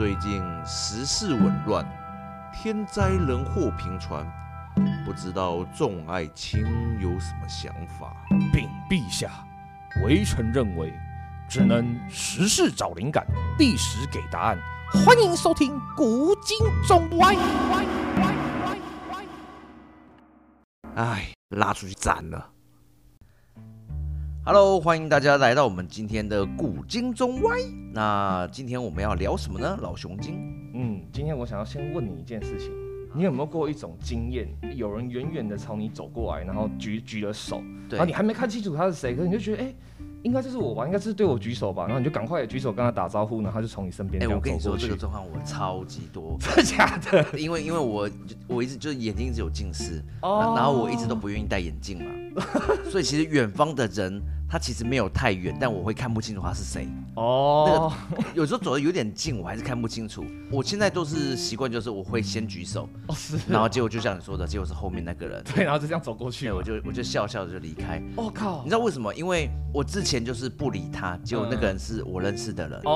最近時事紊亂，天災人禍頻傳，不知道眾愛卿有什麼想法？禀陛下，微臣認為，只能時事找靈感，歷史給答案。歡迎收聽古今中歪。哎，拉出去斬了。Hello，歡迎大家來到我們今天的古今中歪。那今天我們要聊什麼呢？老熊精。嗯，今天我想要先問你一件事情，你有沒有過一種經驗，有人遠遠的朝你走過來，然後舉舉了手，對，然後你還沒看清楚他是誰，可是你就覺得哎、欸，應該是我吧，應該是對我舉手吧，然後你就趕快舉手跟他打招呼，然後他就從你身邊哎、欸，我跟你說這個狀況我超級多，真的假的？因為因為我我一直就眼睛一直有近視，哦、oh.，然後我一直都不願意戴眼鏡嘛， 所以其實遠方的人。他其實沒有太遠，但我會看不清楚他是誰。哦、oh. 那個，有時候走得有點近，我還是看不清楚。我現在都是習慣，就是我會先舉手。Oh, 實然後結果就像你說的，啊、結果是後面那個人。對，然後就這樣走過去。我就我就笑笑的就離開。我、oh, 靠，你知道為什麼？因為我之前就是不理他，結果那個人是我認識的人。哦、嗯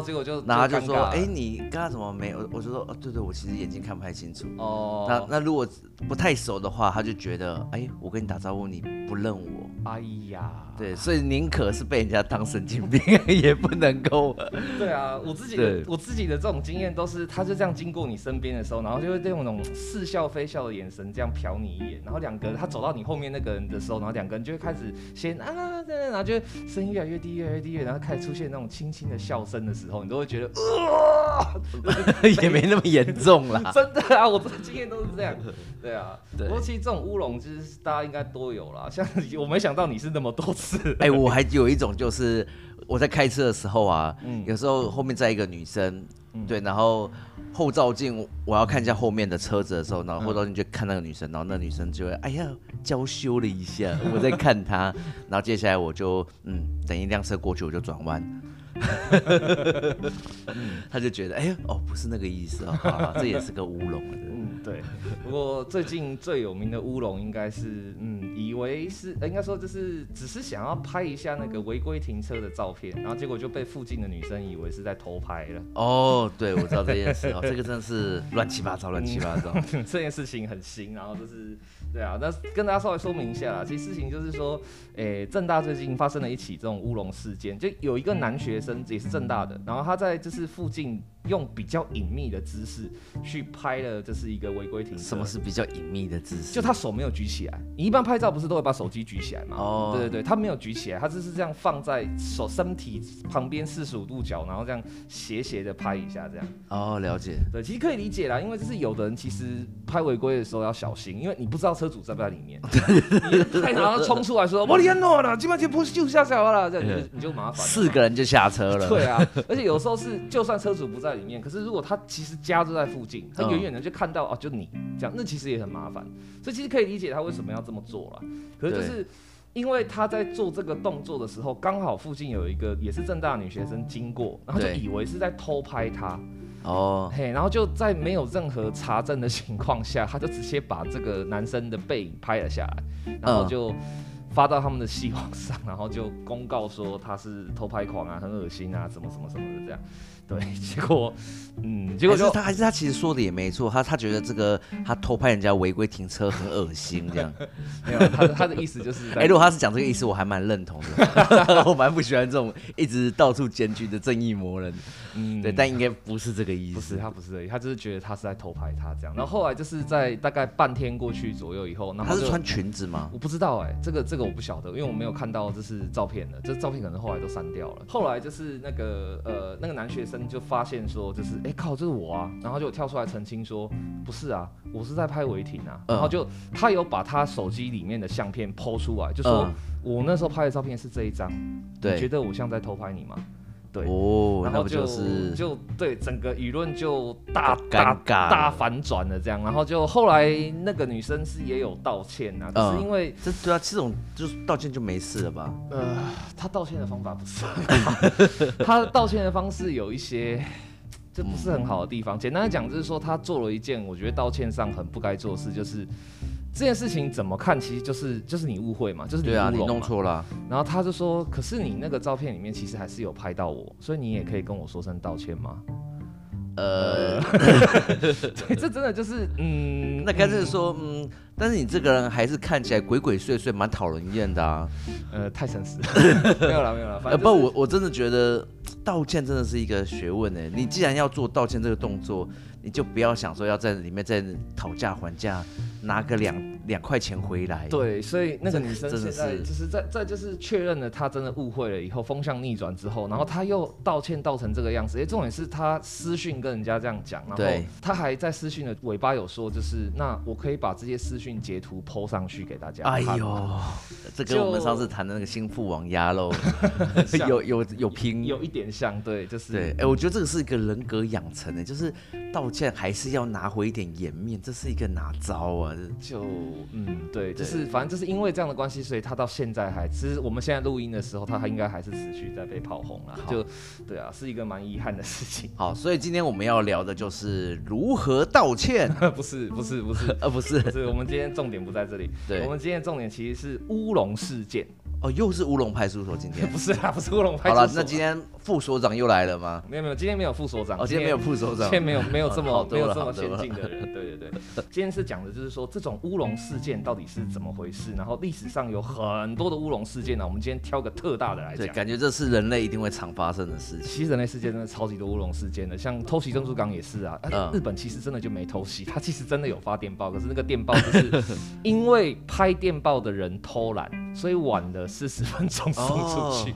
，oh, 結果就然後就說，哎、欸，你剛剛怎麼沒？我我就說，哦，對，對對，我其實眼睛看不太清楚。哦、oh.。那那如果不太熟的話，他就覺得，哎、欸，我跟你打招呼，你不認我。哎呀。對，所以寧可是被人家當神經病、啊、也不能夠。對啊，我自己對我自己的這種經驗都是，他就這樣經過你身邊的時候，然後就會用那種似笑非笑的眼神這樣瞟你一眼，然後兩個人他走到你後面那個人的時候，然後兩個人就會開始先啊，然後就聲音越來越低越來越低越，然後開始出現那種輕輕的笑聲的時候，你都會覺得呃 也沒那麼嚴重啦。 真的啊，我這個的經驗都是這樣。對啊，尤對 其這種烏龍就是大家應該都有啦，像我沒想到你是那麼多次。哎、 欸，我還有一種就是我在開車的時候啊，嗯、有時候後面載一個女生，嗯、對，然後後照鏡我要看一下後面的車子的時候，然後後照鏡就看那個女生，嗯、然後那女生就會哎呀嬌羞了一下，我在看她， 然後接下來我就嗯等一輛車過去我就轉彎。 嗯、他就覺得，哎呀，哦，不是那個意思啊、哦，這也是個烏龍。 嗯，對。不過最近最有名的烏龍應該是，嗯，以為是，呃、應該說就是，只是想要拍一下那個違規停車的照片，然後結果就被附近的女生以為是在偷拍了。哦，對，我知道這件事哦， 這個真的是亂七八糟，亂七八糟。嗯、 這件事情很新，然後就是。對啊，那跟大家稍微說明一下啦。其實事情就是說，誒，政大最近發生了一起這種烏龍事件，就有一個男學生也是政大的，然後他在就是附近用比較隱祕的姿勢去拍了，這是一個違規停。什麼是比較隱祕的姿勢？就他手沒有舉起來，你一般拍照不是都會把手機舉起來嗎？哦，oh. 對對對，他沒有舉起來，他就是這樣放在手身體旁邊四十五度角，然後這樣斜斜的拍一下，這樣。哦，oh, 了解、嗯。對，其實可以理解啦，因為就是有的人其實拍違規的時候要小心，因為你不知道。車主在不在裡面？然後衝出來說：“ 我的天哪！今晚不就就下車了啦，這樣你就你就麻煩了。”四個人就下車了。 對啊，而且有時候是，就算車主不在裡面，可是如果他其實家就在附近，他遠遠的就看到、嗯、啊。就你這樣，那其實也很麻煩。所以其實可以理解他為什麼要這麼做了。嗯、可是就是對因為他在做這個動作的時候，剛好附近有一個也是政大女學生經過，然後就以為是在偷拍他。哦，嘿，oh. hey, 然後就在沒有任何查證的情況下，他就直接把這個男生的背影拍了下來，然後就發到他們的系網上，uh. 然後就公告說他是偷拍狂啊，很噁心啊，什麼什麼什麼的這樣。對，結果，嗯，結果就還是他還是他其實說的也沒錯，他他覺得這個他偷拍人家違規停車很噁心，這樣， 沒有他，他的意思就是，哎、 欸，如果他是講這個意思，我還蠻認同的， 我蠻不喜歡這種一直到處檢舉的正義魔人， 嗯，對，但應該不是這個意思，不是，他不是這個意思，他就是覺得他是在偷拍他這樣，然後後來就是在大概半天過去左右以後，後他是穿裙子嗎？我不知道哎、欸，這個這個我不曉得，因為我沒有看到這是照片的，這照片可能後來都刪掉了，後來就是那個呃那個男學生。就發現說，就是哎靠，這是我啊，然後就跳出來澄清說，不是啊，我是在拍違停啊，嗯、然後就他有把他手機裡面的相片 PO 出來，就說、嗯、我那時候拍的照片是這一張，對你覺得我像在偷拍你嗎？對、哦、然後就就，是、就對整個輿論就大就尷尬大、大反轉了這樣，然後就後來那個女生是也有道歉啊，可、嗯、是因為這對啊，這種就是道歉就沒事了吧？呃，她道歉的方法不是很好， 她道歉的方式有一些這不是很好的地方。嗯、簡單的講就是說，她做了一件我覺得道歉上很不該做的事，就是。這件事情怎麼看，其實就是就是你誤會嘛，就是你，對、啊、你弄錯了、啊。然後他就說，可是你那個照片裡面其實還是有拍到我，所以你也可以跟我說聲道歉嗎？呃，這真的就是，嗯，那乾脆說，嗯，嗯，但是你這個人還是看起來鬼鬼祟祟，蠻討人厭的啊。呃，太真實了 沒啦。沒有了，沒有了。反正，不，我我真的覺得道歉真的是一個學問哎、嗯、你既然要做道歉這個動作。你就不要想說要在裡面再討價還價，拿個兩兩塊錢回來。對，所以那個女生是，在就是在再就是確認了他真的誤會了以後，風向逆轉之後，然後他又道歉道成這個樣子。哎、欸，重點是他私訊跟人家這樣講，然後他還在私訊的尾巴有說，就是那我可以把這些私訊截圖 PO 上去給大家。哎呦，他就這跟我們上次談的那個心腹王丫嘍 像有有有拼有，有一點像，對，就是對。哎、欸，我覺得這個是一個人格養成的、欸，就是到。現在還是要拿回一點顏面，這是一個哪招啊？就嗯，對，對就是反正就是因為這樣的關係，所以他到現在還其實我們現在錄音的時候，他還應該還是持續在被炮轟了，啊，好就對啊，是一個蠻遺憾的事情。好，所以今天我們要聊的就是如何道歉， 不是不是不是，呃，不是，不是， 是，是我們今天重點不在這裡，對，我們今天重點其實是烏龍事件。哦，又是烏龍派出所，今天 不是啊，不是烏龍派出所。好了，那今天。副所長又來了嗎？沒有沒有，今天沒有副所長。哦，今天沒有副所長。今天沒有沒有這麼、哦、多沒有這麼先進的人。 對對對，今天是講的，就是說這種烏龍事件到底是怎麼回事？然後歷史上有很多的烏龍事件呢、啊，我們今天挑個特大的來講。對，感覺這是人類一定會常發生的事情。其實人類世界真的超級多烏龍事件的，像偷襲珍珠港也是啊。啊嗯、日本其實真的就沒偷襲，他其實真的有發電報，可是那個電報就是因為拍電報的人偷懶， 所以晚了四十分鐘送出去。哦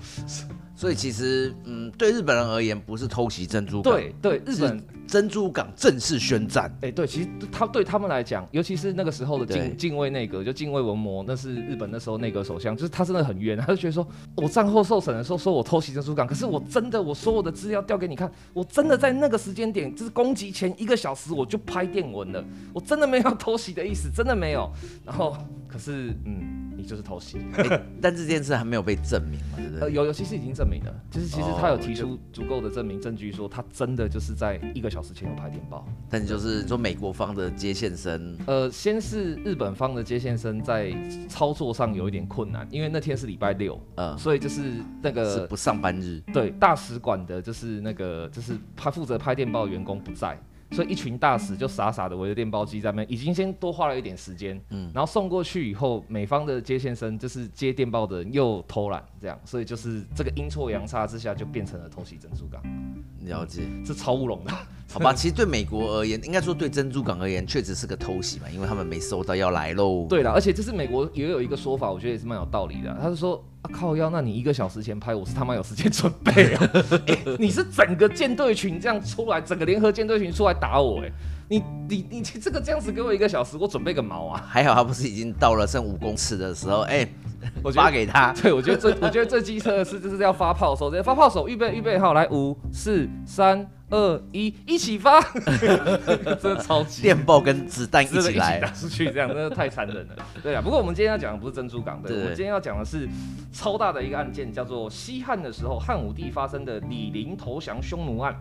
所以其實，嗯，對日本人而言，不是偷襲珍珠港，對對，是日本。珍珠港正式宣戰。哎、欸，對，其實他對他們來講，尤其是那個時候的近近衛內閣，就近衛文麿，那是日本那時候內閣首相，就是他真的很冤，他就覺得說我、哦、戰後受審的時候說我偷襲珍珠港，可是我真的，我所有的資料調給你看，我真的在那個時間點，就是攻擊前一個小時我就拍電文了，我真的沒有偷襲的意思，真的沒有。然後，可是，嗯，你就是偷襲。欸、 但這件事還沒有被證明有、啊，有，尤其實已經證明了，就是其實他有提出足夠的證明證據，說他真的就是在一個小。小時前有拍電報，但就是說美國方的接線生，嗯，呃，先是日本方的接線生在操作上有一點困難，因為那天是禮拜六，呃，所以就是那個是不上班日，對，大使館的就是那個就是他負責拍電報的員工不在。所以一群大使就傻傻的圍着電報機在那邊，已經先多花了一點時間。嗯，然後送過去以後，美方的接線生就是接電報的人又偷懶，這樣，所以就是這個陰錯陽差之下就變成了偷襲珍珠港。嗯、了解，這超烏龍的，好吧？呵呵，其實對美國而言，應該說對珍珠港而言，確實是個偷襲嘛，因為他們沒收到要來嘍。對了，而且這是美國也有一個說法，我覺得也是蠻有道理的，他是說。啊靠腰，那你一個小時前拍，我是他媽有時間準備啊、 欸，你是整個艦隊群這樣出來，整個聯合艦隊群出來打我、欸？你你你這個這樣子給我一個小時，我準備個毛啊？還好他不是已經到了剩五公尺的時候，哎、嗯。欸我發給他，對，我覺得最，我覺得最機車的事 就是要發炮手，發炮手預備，預備好，來五四三二一，5, 4, 3, 2, 1, 一起發， 真的超級電報跟子彈一起來是是一起打出去，這樣 真的太殘忍了。對啊，不過我們今天要講的不是珍珠港，對。我今天要講的是超大的一個案件，叫做西漢的時候漢武帝發生的李陵投降匈奴案。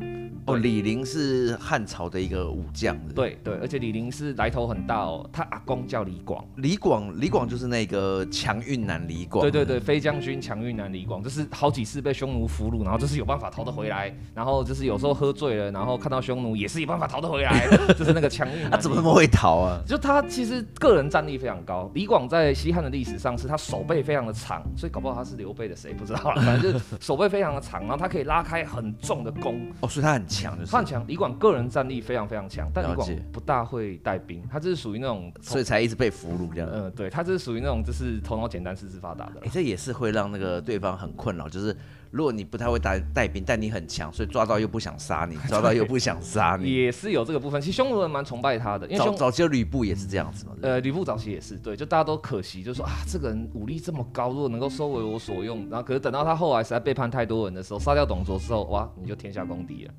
哦，李陵是漢朝的一個武將，對對，而且李陵是來頭很大哦，他阿公叫李廣，李廣李廣就是那個強運。南李廣對對對，飛將軍強運男李廣，就是好幾次被匈奴俘虜，然後就是有辦法逃得回來，然後就是有時候喝醉了，然後看到匈奴也是有辦法逃得回來， 就是那個強運。 他怎麼那麼會逃啊？就他其實個人戰力非常高。李廣在西漢的歷史上是他手臂非常的長，所以搞不好他是劉備的誰不知道了，反正就是手臂非常的長，然後他可以拉開很重的弓。 的弓哦，所以他很強，就是，是、嗯、他很強。李廣個人戰力非常非常強，但李廣不大會帶兵，他就是屬於那種，所以才一直被俘虜這樣。嗯、呃，對，他就是屬於那種就是頭腦簡單。四肢發達的，誒，這也是會讓那個對方很困擾，就是。如果你不太會帶帶兵，但你很強，所以抓到又不想殺你，抓到又不想殺你，也是有這個部分。其實匈奴人蠻崇拜他的，因為，早早期呂布也是這樣子嘛。呃，呂布早期也是，對，就大家都可惜，就說啊，這個人武力這麼高，如果能夠收為我所用，然後可是，等到他後來實在背叛太多人的時候，殺掉董卓之後，哇，你就天下公敵了。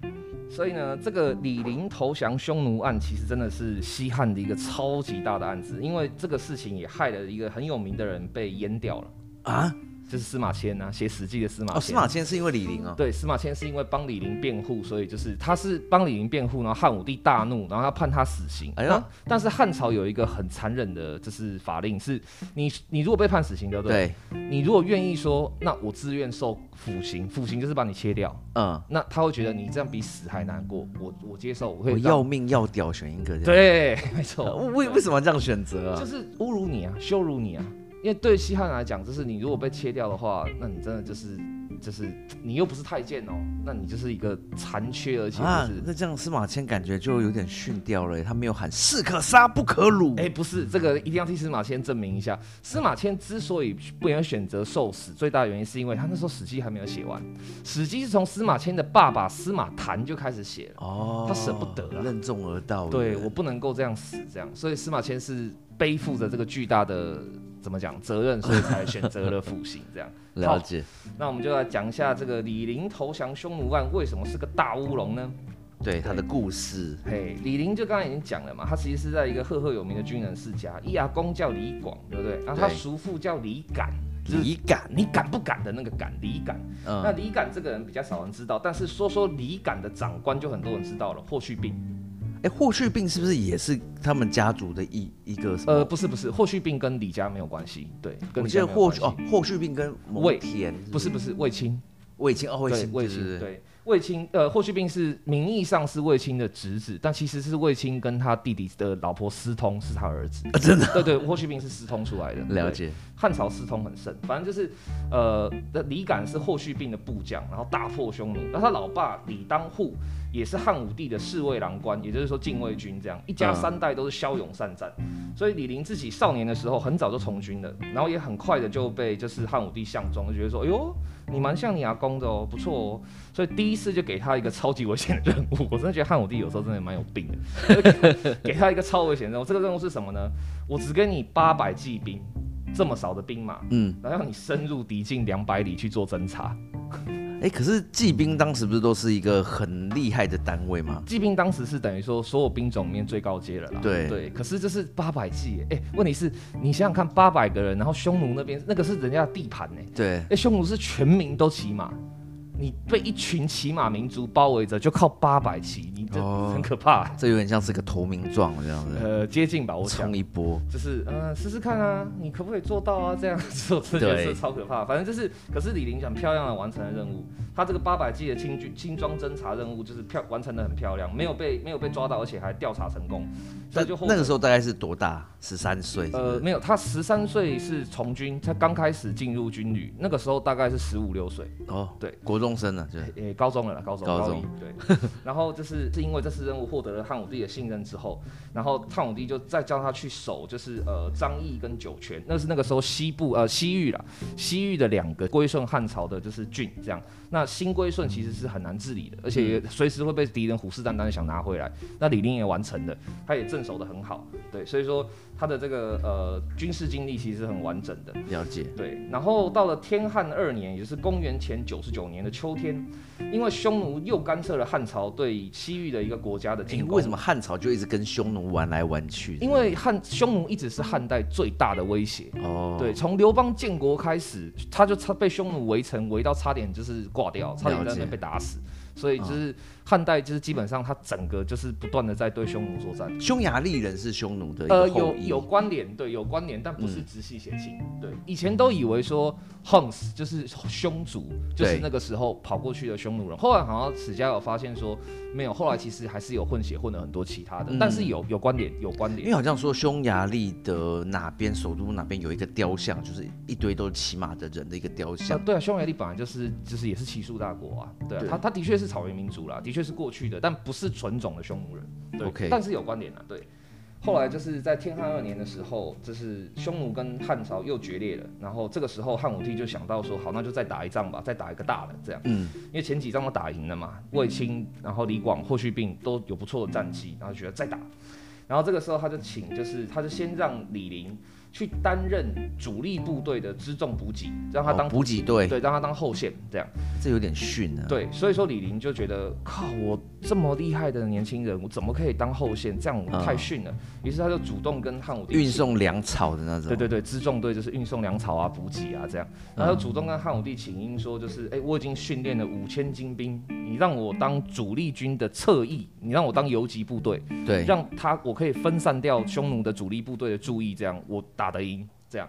所以呢，這個李陵投降匈奴案，其實真的是西漢的一個超級大的案子，因為這個事情也害了一個很有名的人被閹掉了啊。就是司馬遷吶、啊，寫史記的司馬。哦，司馬遷是因為李陵啊。對，司馬遷是因為幫李陵辯護，所以就是他是幫李陵辯護，然後漢武帝大怒，然後他判他死刑。哎呀、啊，但是漢朝有一個很殘忍的，就是法令是你，你你如果被判死刑對，對，不對？你如果願意說，那我自願受腐刑，腐刑就是把你切掉。嗯，那他會覺得你這樣比死還難過。我我接受，我，會我要命要屌選一個。對，沒錯。為為什麼這樣選擇、啊？就是侮辱你啊，羞辱你啊。因為對西漢來講，就是你如果被切掉的話，那你真的就是，就是你又不是太監哦，那你就是一個殘缺而，而且、啊、是。那這樣司馬遷感覺就有點遜掉了，他沒有喊“士可殺不可辱”。哎，不是，這個一定要替司馬遷證明一下。 司馬遷之所以不願意選擇受死，最大的原因是因為他那時候《史記》還沒有寫完，《史記》是從司馬遷的爸爸司馬談就開始寫了。哦。他舍不得。任重而道遠。對，我不能夠這樣死，這樣，所以司馬遷是背負着這個巨大的。怎麼講責任，所以才選擇了腐刑，這樣 了解。那我們就來講一下這個李陵投降匈奴案為什麼是個大烏龍呢？對，對他的故事，嘿，李陵就剛剛已經講了嘛，他其實是在一個赫赫有名的軍人世家，一阿公叫李廣，對不對？後對、啊、他叔父叫李敢，就是、李敢，你敢不敢的那個敢，李敢。嗯、那李敢這個人比較少人知道，但是說說李敢的長官就很多人知道了，霍去病。哎，霍去病是不是也是他們家族的一一個？呃，不是，不是，霍去病跟李家沒有關係。對，我記得霍哦，霍去病跟魏天，不是不是魏青，魏青哦，青，青、啊、對魏青。呃，霍去病是名義上是魏青的侄子，但其實是魏青跟他弟弟的老婆私通，是他兒子。啊、真的？對對，霍去病是私通出來的。了解。漢朝私通很深，反正就是呃，的李敢是霍去病的部將，然後大破匈奴，然後他老爸李當戶。也是漢武帝的侍衛郎官，也就是說禁衛軍這樣，一家三代都是驍勇善戰，戰，啊，所以李陵自己少年的時候很早就從軍了，然後也很快的就被就是漢武帝相中，就覺得說，哎呦，你蠻像你阿公的哦，不錯哦，所以第一次就給他一個超級危險的任務，我真的覺得漢武帝有時候真的蠻有病的， 給他一個超危險任務，這個任務是什麼呢？我只給你八百騎兵，這麼少的兵馬，嗯，然後讓你深入敵境兩百裡去做偵查。 哎，可是騎兵當時不是都是一個很厲害的單位嗎？騎兵當時是等於說所有兵種裡面最高階了啦。對。對，可是這是八百騎。哎，問題是，你想想看，八百個人，然後匈奴那邊那個是人家的地盤呢。對。哎，匈奴是全民都騎馬。你被一群騎馬民族包圍着，就靠八百騎，你這很可怕，啊哦。這有點像是個投名狀這樣子。呃，接近吧，我衝一波，就是嗯、呃，試試看啊，你可不可以做到啊？這樣，這這件事超可怕。對反正就是，可是李陵想漂亮的完成了任務，他這個八百騎的輕軍輕裝偵察任務就是漂完成的很漂亮，沒有被沒有被抓到，而且還調查成功。就後那那個時候大概是多大？十三歲是不是？呃，沒有，他十三歲是從軍，他剛開始進入軍旅，那個時候大概是十五六歲。哦，對，國中。中升了，對，呃，高中了啦，高中，高中，高，對。 然後就是，是因為這次任務獲得了漢武帝的信任之後，然後漢武帝就再叫他去守，就是呃，張掖跟酒泉，那是那個時候西部呃西域了，西域的兩個歸順漢朝的就是郡，這樣。那新歸順其實是很難治理的，而且隨時會被敵人虎視眈眈的想拿回來。那李陵也完成了，他也鎮守得很好，對，所以說他的這個呃軍事經歷其實是很完整的。了解。對，然後到了天漢二年，也就是公元前九十九年的秋天，因為匈奴又干涉了漢朝對西域的一個國家的進攻。嗯。為什麼漢朝就一直跟匈奴玩來玩去是不是？因為漢匈奴一直是漢代最大的威脅。哦。對，從劉邦建國開始，他就差被匈奴圍城圍到差點就是。掛掉，差點在那邊被打死，了解。所以就是。哦漢代就是基本上他整個就是不斷的在對匈奴作戰。匈牙利人是匈奴的呃有有關聯，對有關聯，但不是直系血親。嗯、對，以前都以為說 Huns 就是匈族，就是那個時候跑過去的匈奴人。對。後來好像史家有發現說沒有，後來其實還是有混血混了很多其他的，嗯、但是有有關聯，有關聯。因為好像說匈牙利的哪邊首都哪邊有一個雕像，就是一堆都是騎馬的人的一個雕像。啊。對啊，匈牙利本來就是就是也是騎術大國啊。對啊，對，他他的確是草原民族啦，的確。卻是過去的，但不是純種的匈奴人。對，Okay. 但是有關聯啊。對，後來就是在天漢二年的時候，就是匈奴跟漢朝又決裂了。然後這個時候漢武帝就想到說，好，那就再打一仗吧，再打一個大的這樣。嗯，因為前幾仗都打贏了嘛，衛青，然後李廣、霍去病都有不錯的戰績，然後就覺得再打。然後這個時候他就請，就是他就先讓李陵去擔任主力部隊的輜重補給，讓他當補給隊，哦、對，對，讓他當後線這樣。這有點遜了，對，所以說李陵就覺得靠我這麼厲害的年輕人，我怎麼可以當後線？這樣我太遜了。嗯，於是他就主動跟漢武帝運送糧草的那種，對對對，輜重隊就是運送糧草啊，補給啊這樣。然後就主動跟漢武帝請纓說，就是哎，嗯，我已經訓練了五千精兵，你讓我當主力軍的側翼，你讓我當游擊部隊，對，讓他我可以分散掉匈奴的主力部隊的注意，這樣我打得贏。這樣，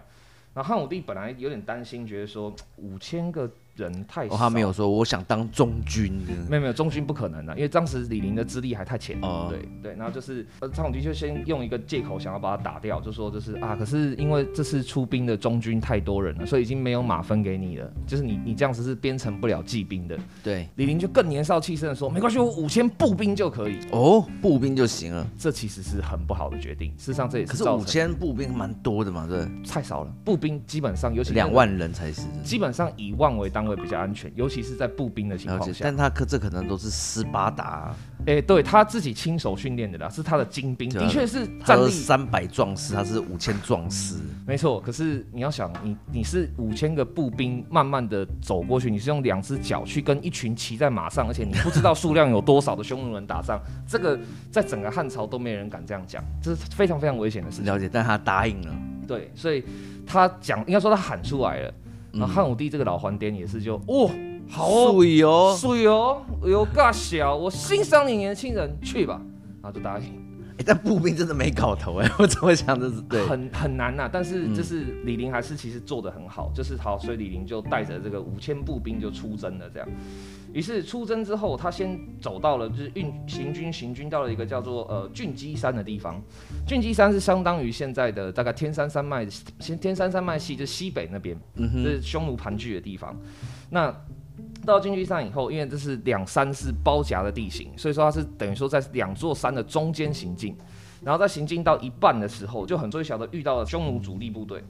然後漢武帝本來有點擔心，覺得說五千個。人太少、哦。他沒有說我想當中軍，沒有沒有中軍不可能的、啊，因為當時李陵的資歷還太淺、呃。對對，然後就是呃，張永吉就先用一個借口想要把他打掉，就說就是啊，可是因為這次出兵的中軍太多人了，所以已經沒有馬分給你了，就是你你這樣子是編成不了騎兵的。對，李陵就更年少氣盛的說，沒關係，我五千步兵就可以。哦，步兵就行了，這其實是很不好的決定。事實上這也是。可是五千步兵蠻多的嘛，對。太少了，步兵基本上尤其，欸，那個、兩萬人才是。基本上以萬為當。會比較安全，尤其是在步兵的情況下。但他可這可能都是斯巴達，哎、欸，對他自己親手訓練的啦，是他的精兵，他的確是戰力。他三百壯士，他是五千壯士。沒錯，可是你要想，你你是五千個步兵慢慢的走過去，你是用兩隻腳去跟一群騎在馬上，而且你不知道數量有多少的匈奴人打仗， 這個在整個漢朝都沒人敢這樣講，這是非常非常危險的事情。了解，但他答應了。對，所以他講，應該說他喊出來了。那、嗯、漢武帝這個老皇帝也是就哦，好哦水哦，水哦，有、哦、嘎小。我欣賞你年輕人，去吧。然後就答應。哎、欸，但步兵真的沒搞頭哎，我怎麼想這是對很很難吶、啊？但是就是李陵還是其實做得很好，嗯、就是好，所以李陵就帶着這個五千步兵就出征了這樣。於是出征之後，他先走到了，就是運行軍行軍到了一個叫做呃浚稽山的地方。浚稽山是相當於現在的大概天山山脈西天山山脈系，就是西北那邊，這、嗯、哼是匈奴盤踞的地方。那到浚稽山以後，因為這是兩山是包夾的地形，所以說他是等於說在兩座山的中間行進。然後在行進到一半的時候，就很最小的遇到了匈奴主力部隊。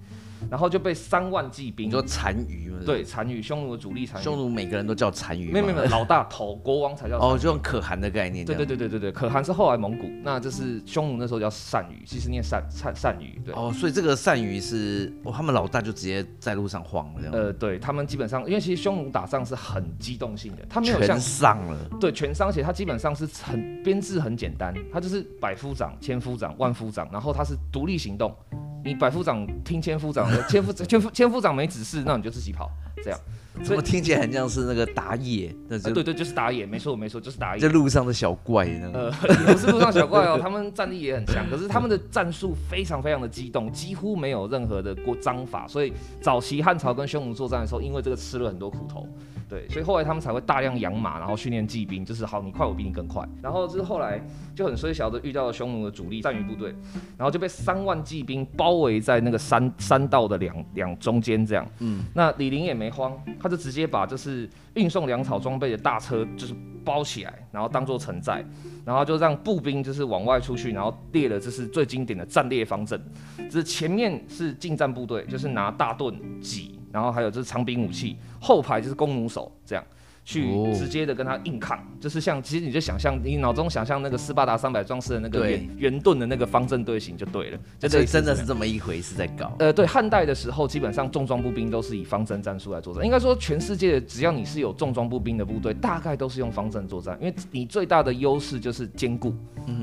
然後就被三萬騎兵，你說殘餘，對，殘餘，匈奴的主力。殘餘，匈奴每個人都叫殘餘，沒沒有，老大頭國王才叫。哦，就用可汗的概念。對對對對對對，可汗是後來蒙古。那就是匈奴那時候叫單於，其實念單單單於。對哦，所以這個單於是，哦，他們老大就直接在路上晃了這樣。呃，對他們基本上，因為其實匈奴打仗是很機動性的，他沒有像傷了。對，全傷，而且他基本上是很編制很簡單，他就是百夫長、千夫長、萬夫長，然後他是獨立行動。你百夫長聽千夫長。 千 夫千夫千夫長沒指示，那你就自己跑， 這樣。怎麼聽起來很像是那個打野？那就、欸、對對，就是打野，沒錯沒錯，就是打野。這路上的小怪呢、那個？呃，不是路上小怪哦， 他們戰力也很強，可是他們的戰術非常非常的機動，幾乎沒有任何的過章法。所以早期漢朝跟匈奴作戰的時候，因為這個吃了很多苦頭。對，所以後來他們才會大量養馬，然後訓練騎兵，就是好，你快，我比你更快。然後就是後來就很衰小的遇到了匈奴的主力單於部隊，然後就被三萬騎兵包圍在那個山山道的兩兩中間這樣。嗯，那李陵也沒慌。他就直接把就是運送糧草裝備的大車，就是包起來，然後當做承載，然後就讓步兵就是往外出去，然後列了這是最經典的戰列方陣，就是前面是近戰部隊，就是拿大盾戟，然後還有就是長柄武器，後排就是弓弩手這樣。去直接的跟他硬抗，oh. 就是像其實你就想象，你腦中想象那個斯巴達三百壯士的那個圓圓對盾的那個方陣隊形就對了，所以真的是這麼一回事在搞。呃，對，漢代的時候基本上重裝步兵都是以方陣戰術來作戰，應該說全世界只要你是有重裝步兵的部隊，大概都是用方陣作戰，因為你最大的優勢就是堅固，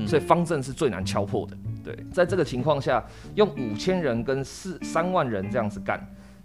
所以方陣是最難敲破的。對，在這個情況下，用五千人跟四三萬人這樣子幹，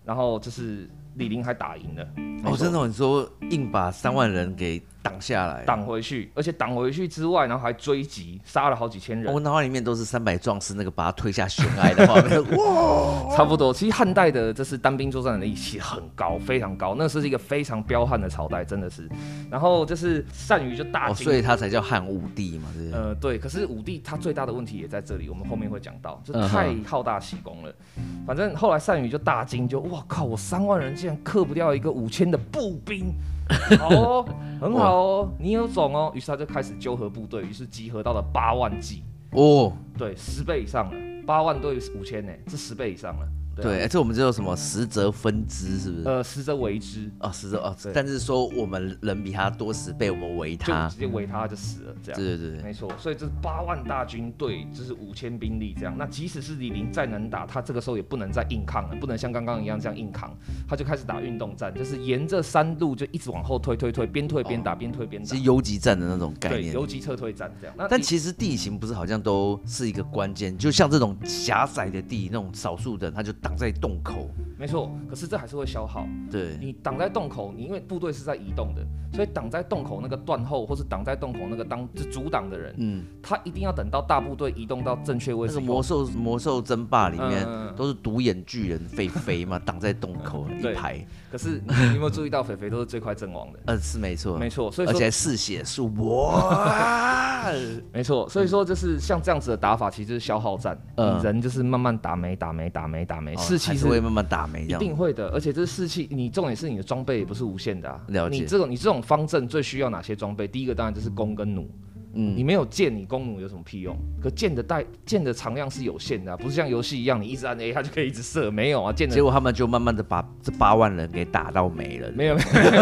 然後就是。李陵還打贏了，哦，真的，你說硬把三萬人給，擋下來，擋回去，而且擋回去之外，然後還追擊，殺了好幾千人。我腦海裡面都是三百壯士那個把他推下懸崖的那個 哇、哦，差不多。其實漢代的這是單兵作戰的力氣很高，非常高。那是一個非常彪悍的朝代，真的是。然後就是單於就大驚、哦，所以他才叫漢武帝嘛。是呃，對。可是武帝他最大的問題也在這裡，我們後面會講到，就太好大喜功了。嗯、哼反正後來單於就大驚，就哇靠，我三萬人竟然克不掉一個五千的步兵。 好哦，很好哦，你有種哦。哇於是他就開始糾合部隊，於是集合到了八萬計哦，對，十倍以上了，八萬對五千呢，是十倍以上了。對，這我們叫做什麼“十則分之”，是不是？呃，十則圍之啊，十則哦。但是說我們人比他多十倍，我們圍他，就直接圍他就死了這樣。對對對，沒錯。所以這是八萬大軍隊，這是五千兵力這樣。那即使是李陵再能打，他這個時候也不能再硬抗了，不能像剛剛一樣這樣硬扛，他就開始打運動戰，就是沿着山路就一直往後推推推，邊退邊打，邊退邊打。是游擊戰的那種概念。游擊撤退戰這樣。但其實地形不是好像都是一個關鍵，就像這種狹窄的地，那種少數的他就。擋在洞口，沒錯。可是這還是會消耗。對，你擋在洞口，你因為部隊是在移動的，所以擋在洞口那個斷後，或是擋在洞口那個當就阻擋的人，嗯，他一定要等到大部隊移動到正確位置。那個魔獸魔獸爭霸裡面都是獨眼巨人肥肥嘛，擋在洞口一排。可是你有沒有注意到，肥肥都是最快陣亡的？嗯，是沒錯，沒錯。而且嗜血術，哇，沒錯。所以說，就是像這樣子的打法，其實就是消耗戰。嗯，人就是慢慢打沒，打沒，打沒，打沒。士氣是會慢慢打沒，一定會的。而且這士氣，你重點是你的裝備也不是無限的啊。了解。你這種你這種方陣最需要哪些裝備？第一個當然就是弓跟弩。嗯，你沒有箭，你弓弩有什麼屁用？可箭的帶箭的長量是有限的、啊，不是像遊戲一樣你一直按 A 它就可以一直射，沒有啊。箭的結果他們就慢慢的把這八萬人給打到沒了。沒有沒有沒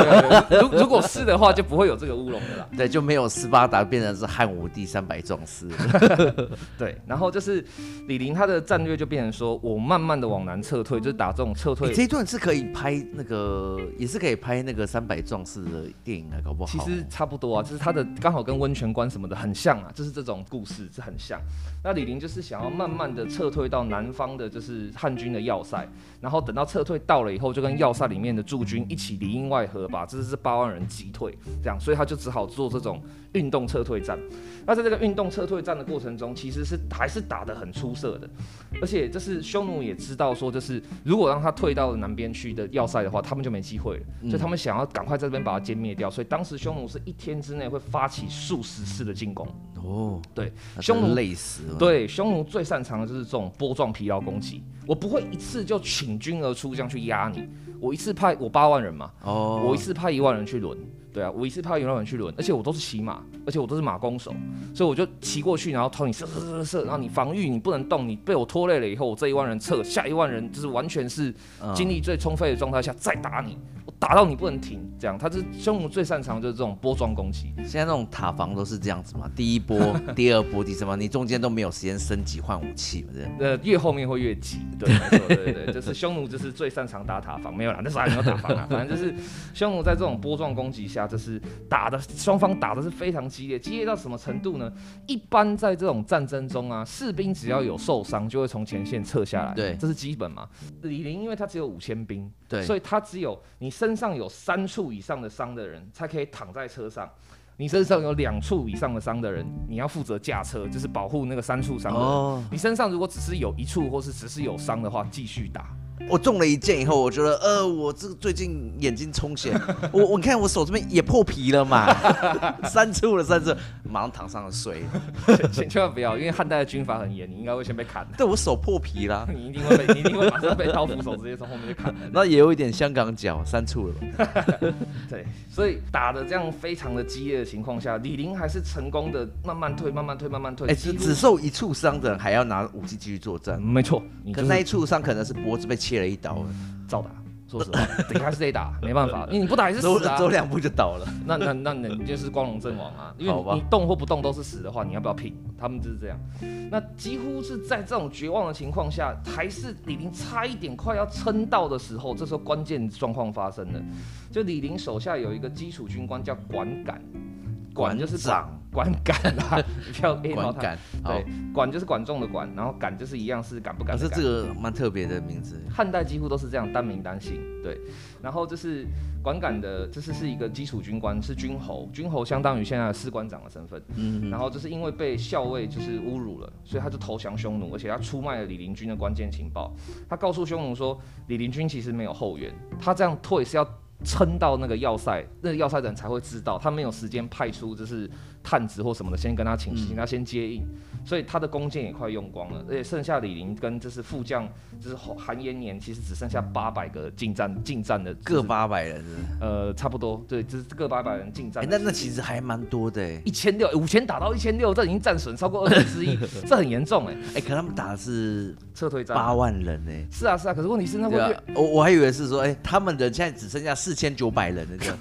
有，如如果是的話，就不會有這個烏龍的啦。對，就沒有斯巴達變成是漢武帝三百壯士。 對，然後就是李陵他的戰略就變成說我慢慢的往南撤退，就是打這種撤退、欸。這一段是可以拍那個，也是可以拍那個三百壯士的電影啊，搞不好。其實差不多啊，嗯、就是他的剛好跟溫泉關什麼。很像啊，就是這種故事，是很像。那李陵就是想要慢慢的撤退到南方的，就是漢軍的要塞，然後等到撤退到了以後，就跟要塞裡面的駐軍一起裡應外合，把這是這八萬人擊退，這樣，所以他就只好做這種運動撤退戰。那在這個運動撤退戰的過程中，其實是還是打得很出色的，而且就是匈奴也知道說，就是如果讓他退到南邊去的要塞的話，他們就沒機會了，所以他們想要趕快在這邊把他殲滅掉，所以當時匈奴是一天之內會發起數十次的進攻。哦，對，啊、匈奴累死了。對，匈奴最擅長的就是這種波狀疲勞攻擊。我不會一次就傾軍而出這樣去壓你，我一次派我八萬人嘛，哦哦哦哦，我一次派一萬人去輪。對啊，我一次派一萬人去輪，而且我都是騎馬，而且我都是馬弓手，所以我就騎過去，然後偷你射，射射射射，然後你防禦你不能動，你被我拖累了以後，我這一萬人撤，下一萬人就是完全是精力最充沛的狀態下，嗯、再打你，我打到你不能停，這樣。他，就是匈奴最擅長的就是這種波狀攻擊。現在這種塔防都是這樣子嘛，第一波、 第二波、第三波，你中間都沒有時間升級換武器嗎？這呃 越後面會越急，對沒錯對對對， 就是匈奴就是最擅長打塔防，沒有啦，那時候還沒有塔防啊， 反正就是匈奴在這種波狀攻擊下。就是打的雙方打的是非常激烈，激烈到什麼程度呢？一般在這種戰爭中啊，士兵只要有受傷，就會從前線撤下來，嗯、對，這是基本嘛。李陵因為他只有五千兵，對，所以他只有你身上有三處以上的傷的人才可以躺在車上，你身上有兩處以上的傷的人，你要負責駕車，就是保護那個三處傷的人。哦，你身上如果只是有一處或是只是有傷的話，繼續打。我中了一箭以後，我覺得呃，我這個最近眼睛充血， 我我看我手這邊也破皮了嘛， 三處了三處，馬上躺上了睡。請千萬不要， 因為漢代的軍法很嚴，你應該會先被砍的。對，我手破皮了， 你一定會被，你一定會馬上被刀斧手直接從後面就砍。 那也有一點香港腳，三處了吧？ 對，所以打的這樣非常的激烈的情況下，李陵還是成功的慢慢退，慢慢退，慢慢退。哎、欸，只只受一處傷的人還要拿武器繼續作戰？沒錯，就是、可那一處傷可能是脖子被。借了一刀了、嗯，照打。說實話，還是得打， 沒辦法。你不打也是死，啊走，走兩步就倒了。那那那，那那你就是光榮陣亡啊！因為你，吧你動或不動都是死的話，你要不要拼？他們就是這樣。那幾乎是在這種絕望的情況下，還是李陵差一點快要撐到的時候，這時候關鍵狀況發生了。就李陵手下有一個基礎軍官叫管敢，管就是長。管敢啊，A 他管他桿對，好管就是管仲的管，然後敢就是一樣是敢不敢。可、啊、是這個蠻特別的名字。漢代幾乎都是這樣單名單姓，對。然後就是管敢的，就是是一個基礎軍官，是軍侯，軍侯相當於現在的士官長的身份。嗯哼然後就是因為被校尉就是侮辱了，所以他就投降匈奴，而且他出賣了李陵軍的關鍵情報。他告訴匈奴說，李陵軍其實沒有後援，他這樣退是要撐到那個要塞，那個要塞的人才會知道，他沒有時間派出就是。探子或什麼的，先跟他請示，請他先接應，嗯、所以他的弓箭也快用光了，而且剩下李陵跟就是副將，就是韓延年，其實只剩下八百個近戰近戰的、就是、各八百人，呃，差不多，對，就是各八百人近戰，戰。那、欸、那其實還蠻多的、欸，一千六，五千打到一千六，這已經戰損超過二分之一，這很嚴重、欸，哎，哎，可他們打的是撤退戰，八萬人、欸，呢，是啊是啊，可是問題是那過、啊、我我還以為是說，哎、欸，他們的現在只剩下四千九百人了，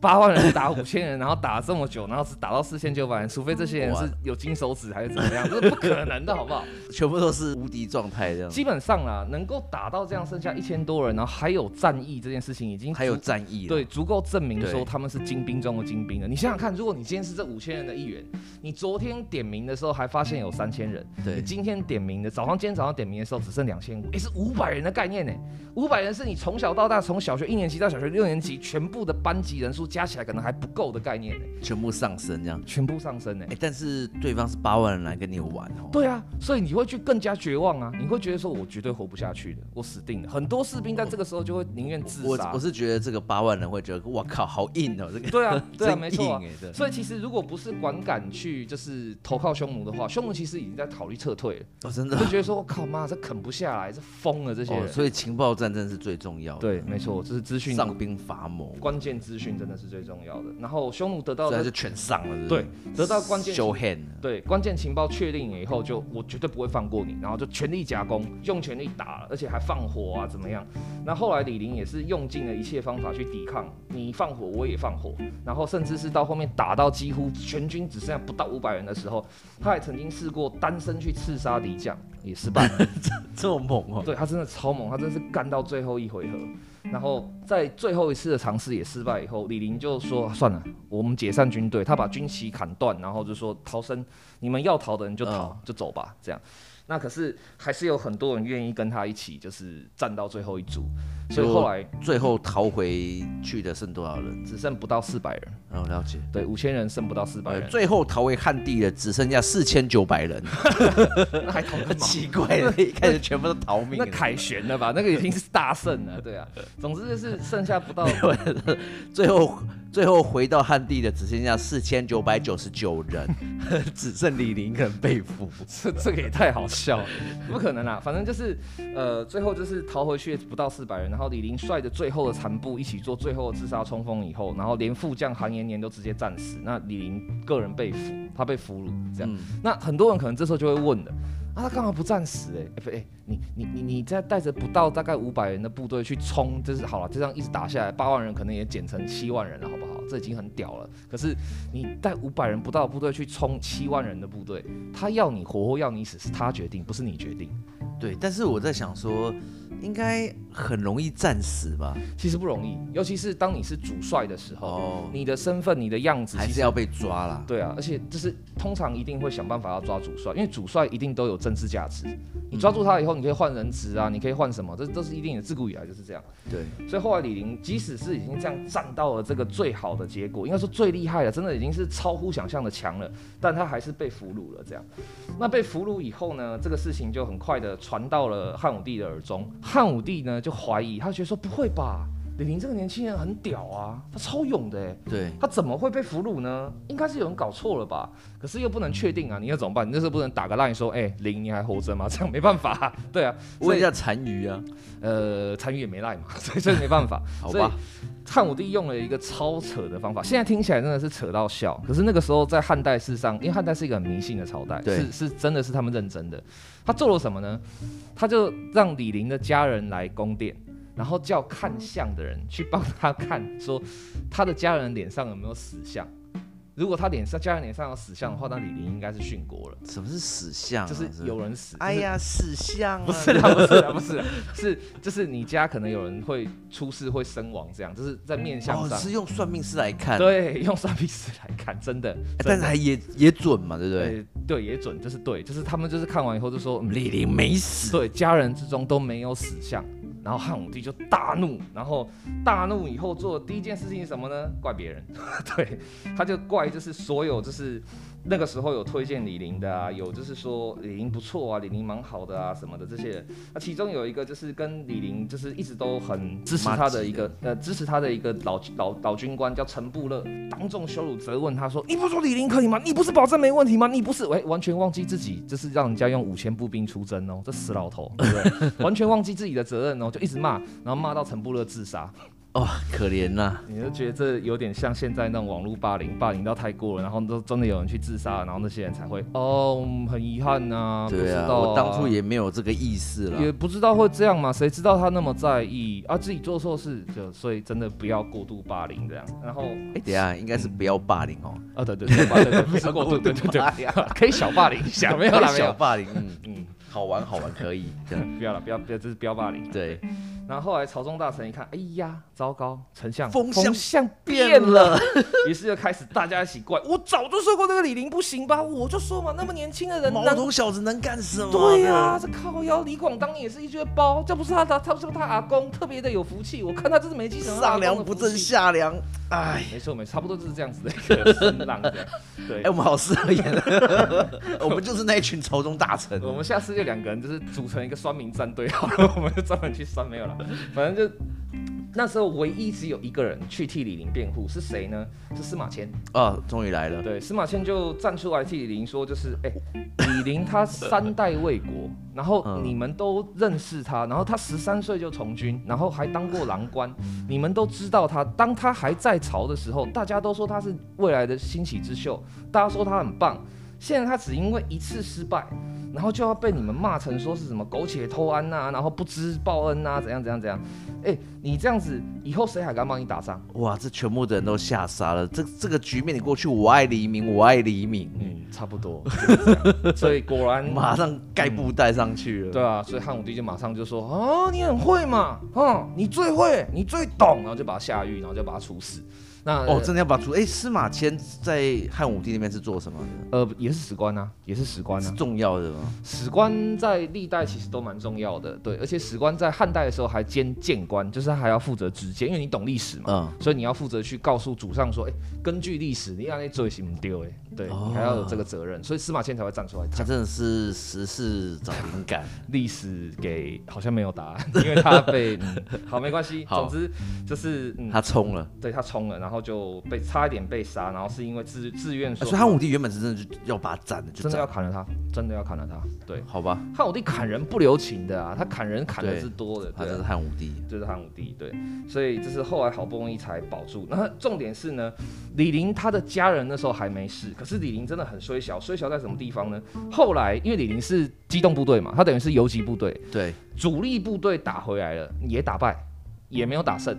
八 萬人打五千人，然後打了這麼久，然後只打到四。四千九百完，除非這些人是有金手指還是怎麼樣，了這不可能的好不好？ 全部都是無敵狀態這樣。基本上啊，能夠打到這樣剩下一千多人，然後還有戰役這件事情已經還有戰役了，對，足夠證明說他們是精兵中的精兵了。你想想看，如果你今天是這五千人的一員，你昨天點名的時候還發現有三千人，對，你今天點名的早上今天早上點名的時候只剩兩千五，哎，是五百人的概念哎，五百人是你從小到大從小學一年級到小學六年級全部的班級人數加起來可能還不夠的概念呢。全部上升這樣。全部上升呢、欸？哎、欸，但是對方是八萬人來跟你玩哦。對啊，所以你會去更加絕望啊！你會覺得說，我絕對活不下去的，我死定了。很多士兵在、嗯、這個時候就會寧願自殺。我是覺得這個八萬人會覺得，哇靠，好硬哦！這個對啊，對啊，真硬、沒錯、啊、所以其實如果不是管敢去就是投靠匈奴的話，匈奴其實已經在考慮撤退了。哦、真的，會覺得說我靠媽，這啃不下來，這瘋了這些人、哦。所以情報戰爭是最重要的。對，沒錯，這、就是資訊。上兵伐謀，關鍵資訊真的是最重要的。然後匈奴得到，那就全上了是不是？對。對，得到關鍵，Show hand. 對關鍵情報確定了以後就，就我絕對不會放過你，然後就全力夾攻，用全力打了，而且還放火啊，怎麼樣？那後，後來李陵也是用盡了一切方法去抵抗，你放火我也放火，然後甚至是到後面打到幾乎全軍只剩下不到五百人的時候，他也曾經試過單身去刺殺敵將，也失敗了。這麼猛啊、哦？對他真的超猛，他真的是幹到最後一回合。然後在最後一次的嘗試也失敗以後，李陵就說、啊：“算了，我們解散軍隊。”他把軍旗砍斷，然後就說：“逃生，你們要逃的人就逃，哦、就走吧。”這樣，那可是還是有很多人願意跟他一起，就是戰到最後一卒。所以後來最後逃回去的剩多少人？只剩不到四百人。哦，了解。對，五千人剩不到四百人。最後逃回漢地的只剩下四千九百人。 那還逃？ 奇怪了，一開始全部都逃命。 那凱旋了吧？那個已經是大勝了。對啊，總之就是剩下不到。 最後。最後回到漢地的只剩下四千九百九十九人， 只剩李陵個人被俘。這 這個也太好笑了， 不可能啦！反正就是，呃，最後就是逃回去不到四百人，然後李陵率着最後的殘部一起做最後的自殺衝鋒以後，然後連副將韓延年都直接戰死，那李陵個人被俘，他被俘虜這樣。嗯、那很多人可能這時候就會問了。啊，他幹嘛不戰死哎？哎、欸欸，你你你你在帶着不到大概五百人的部隊去衝，就是好了，這樣一直打下來，八萬人可能也減成七萬人了，好不好？這已經很屌了。可是你帶五百人不到的部隊去衝七萬人的部隊，他要你活或要你死是他決定，不是你決定。對，但是我在想說。應該很容易戰死吧？其實不容易，尤其是當你是主帥的時候，哦、你的身份、你的樣子其實還是要被抓了。對啊，而且就是通常一定會想辦法要抓主帥，因為主帥一定都有政治價值。嗯、你抓住他以後，你可以換人質啊，你可以換什麼？這都是一定的，自古以來就是這樣。對，所以後來李陵即使是已經這樣戰到了這個最好的結果，應該說最厲害了，真的已經是超乎想象的強了，但他還是被俘虜了。這樣，那被俘虜以後呢？這個事情就很快的傳到了漢武帝的耳中。漢武帝呢，就懷疑，他就覺得說，不會吧。李陵這個年輕人很屌啊，他超勇的哎，對，他怎麼會被俘虜呢？應該是有人搞錯了吧？可是又不能確定啊，你要怎麼辦？你那時候不能打個 LINE 說，哎、欸，陵你還活着嗎？這樣沒辦法、啊，對啊，所以問一下單於啊，呃，單於也沒 LINE 嘛，所，所以沒辦法， 好吧。漢武帝用了一個超扯的方法，現在聽起來真的是扯到笑，可是那個時候在漢代世上，因為漢代是一個很迷信的朝代，對是是真的是他們認真的。他做了什麼呢？他就讓李陵的家人來宮殿。然後叫看相的人去幫他看，說他的家人臉上有沒有死相。如果他臉上、家人臉上有死相的話，那李陵應該是殉國了。什麼是死相、啊？就是有人死。就是、哎呀，死相、啊、不是，不是，不是， 不是，是就是你家可能有人會出事，會身亡，這樣就是在面相上。上、哦。是用算命師來看。對，用算命師來看，真的，欸、但是還也也準嘛，對不對，對？對，也準，就是對，就是他們就是看完以後就說李陵沒死，對，家人之中都沒有死相。然後漢武帝就大怒，然後大怒以後做的第一件事情是什麼呢？怪別人，對，他就怪就是所有就是。那個時候有推薦李陵的啊，有就是說李陵不錯啊，李陵蠻好的啊什麼的這些人。那、啊、其中有一個就是跟李陵就是一直都很支持他的一個呃支持他的一個老老老軍官叫陳步樂，當眾羞辱責問他說：“你不說李陵可以嗎？你不是保證沒問題嗎？你不是喂、欸，完全忘記自己就是讓人家用五千步兵出征哦，這死老頭對不對？ 完全忘記自己的責任哦，就一直罵，然後罵到陳步樂自殺。”哦，可憐吶、啊！你就覺得這有點像現在那種網絡霸凌，霸凌到太過了，然後都真的有人去自殺，然後那些人才會哦，嗯、很遺憾吶。不知道啊，我當初也沒有這個意思了，也不知道會這樣嘛，誰知道他那麼在意啊，自己做錯事就，所以真的不要過度霸凌這樣。然後哎，對啊、欸，應該是不要霸凌哦。嗯、啊，對對對對，不要過度霸凌，可以小霸凌一下，沒啦小霸凌，嗯嗯，好玩好玩，可以。 樣不要了，不要，這是不要霸凌，對。然後後來朝中大臣一看，哎呀，糟糕，丞相風向變了，變了 於是就開始大家一起怪。 我早就說過這個李陵不行吧，我就說嘛，那麼年輕的人，毛頭小子能幹什麼？對呀、啊，這靠腰，李廣當年也是一撅包，這不是他他不是他,他,他,他,他阿公特別的有福氣，嗯、我看他真是沒繼承上梁不正下梁。哎，沒錯沒錯，差不多就是這樣子的一個聲浪 對，哎、欸，我們好適合演。 我們就是那一群朝中大臣。我們下次就兩個人，就是組成一個酸民戰隊好了。 我們就專門去酸，沒有了， 反正就。那時候唯一只有一個人去替李陵辯護是誰呢？是司馬遷啊！哦、終於來了。對，司馬遷就站出來替李陵說，就是誒、欸，李陵他三代為國， 對然後你們都認識他，然後他十三歲就從軍，然後還當過郎官， 你們都知道他，當他還在朝的時候，大家都說他是未來的新起之秀，大家說他很棒。現在他只因為一次失敗，然後就要被你們罵成說是什麼苟且偷安吶、啊，然後不知報恩吶、啊，怎樣怎樣怎樣？哎，你這樣子以後誰還敢幫你打仗？哇，這全部的人都嚇傻了。這這個局面你過去，我愛黎明，我愛黎明，嗯，差不多。就是、 所以果然馬上蓋布帶上去了、嗯。對啊，所以漢武帝就馬上就說哦、啊，你很會嘛，哼、啊、你最會，你最懂，然後就把他下獄，然後就把他處死。那哦，真的要把出哎！司馬遷在漢武帝那邊是做什麼的？呃，也是史官啊，也是史官啊，是重要的嗎？史官在歷代其實都蠻重要的，對。而且史官在漢代的時候還兼諫官，就是他還要負責直諫，因為你懂歷史嘛，嗯、所以你要負責去告訴主上說，哎，根據歷史，你讓那些罪行丟哎，對，哦、你還要有這個責任，所以司馬遷才會站出來。他真的是時事找靈感， 歷史給好像沒有答案，因為他被、 嗯、好沒關係，好總之就是、嗯、他衝了，嗯、對他衝了，然後。然後就被差一點被殺，然後是因為自自願、啊，所以漢武帝原本是真的是要把他斬的，就真的要砍了他，真的要砍了他，對，好吧。漢武帝砍人不留情的啊，他砍人砍的是多的，他就是漢武帝，就是漢武帝，對，所以這是後來好不容易才保住。那重點是呢，李陵他的家人那時候還沒事，可是李陵真的很衰小，衰小在什麼地方呢？後來因為李陵是機動部隊嘛，他等於是游擊部隊，對，主力部隊打回來了也打敗。也沒有打勝，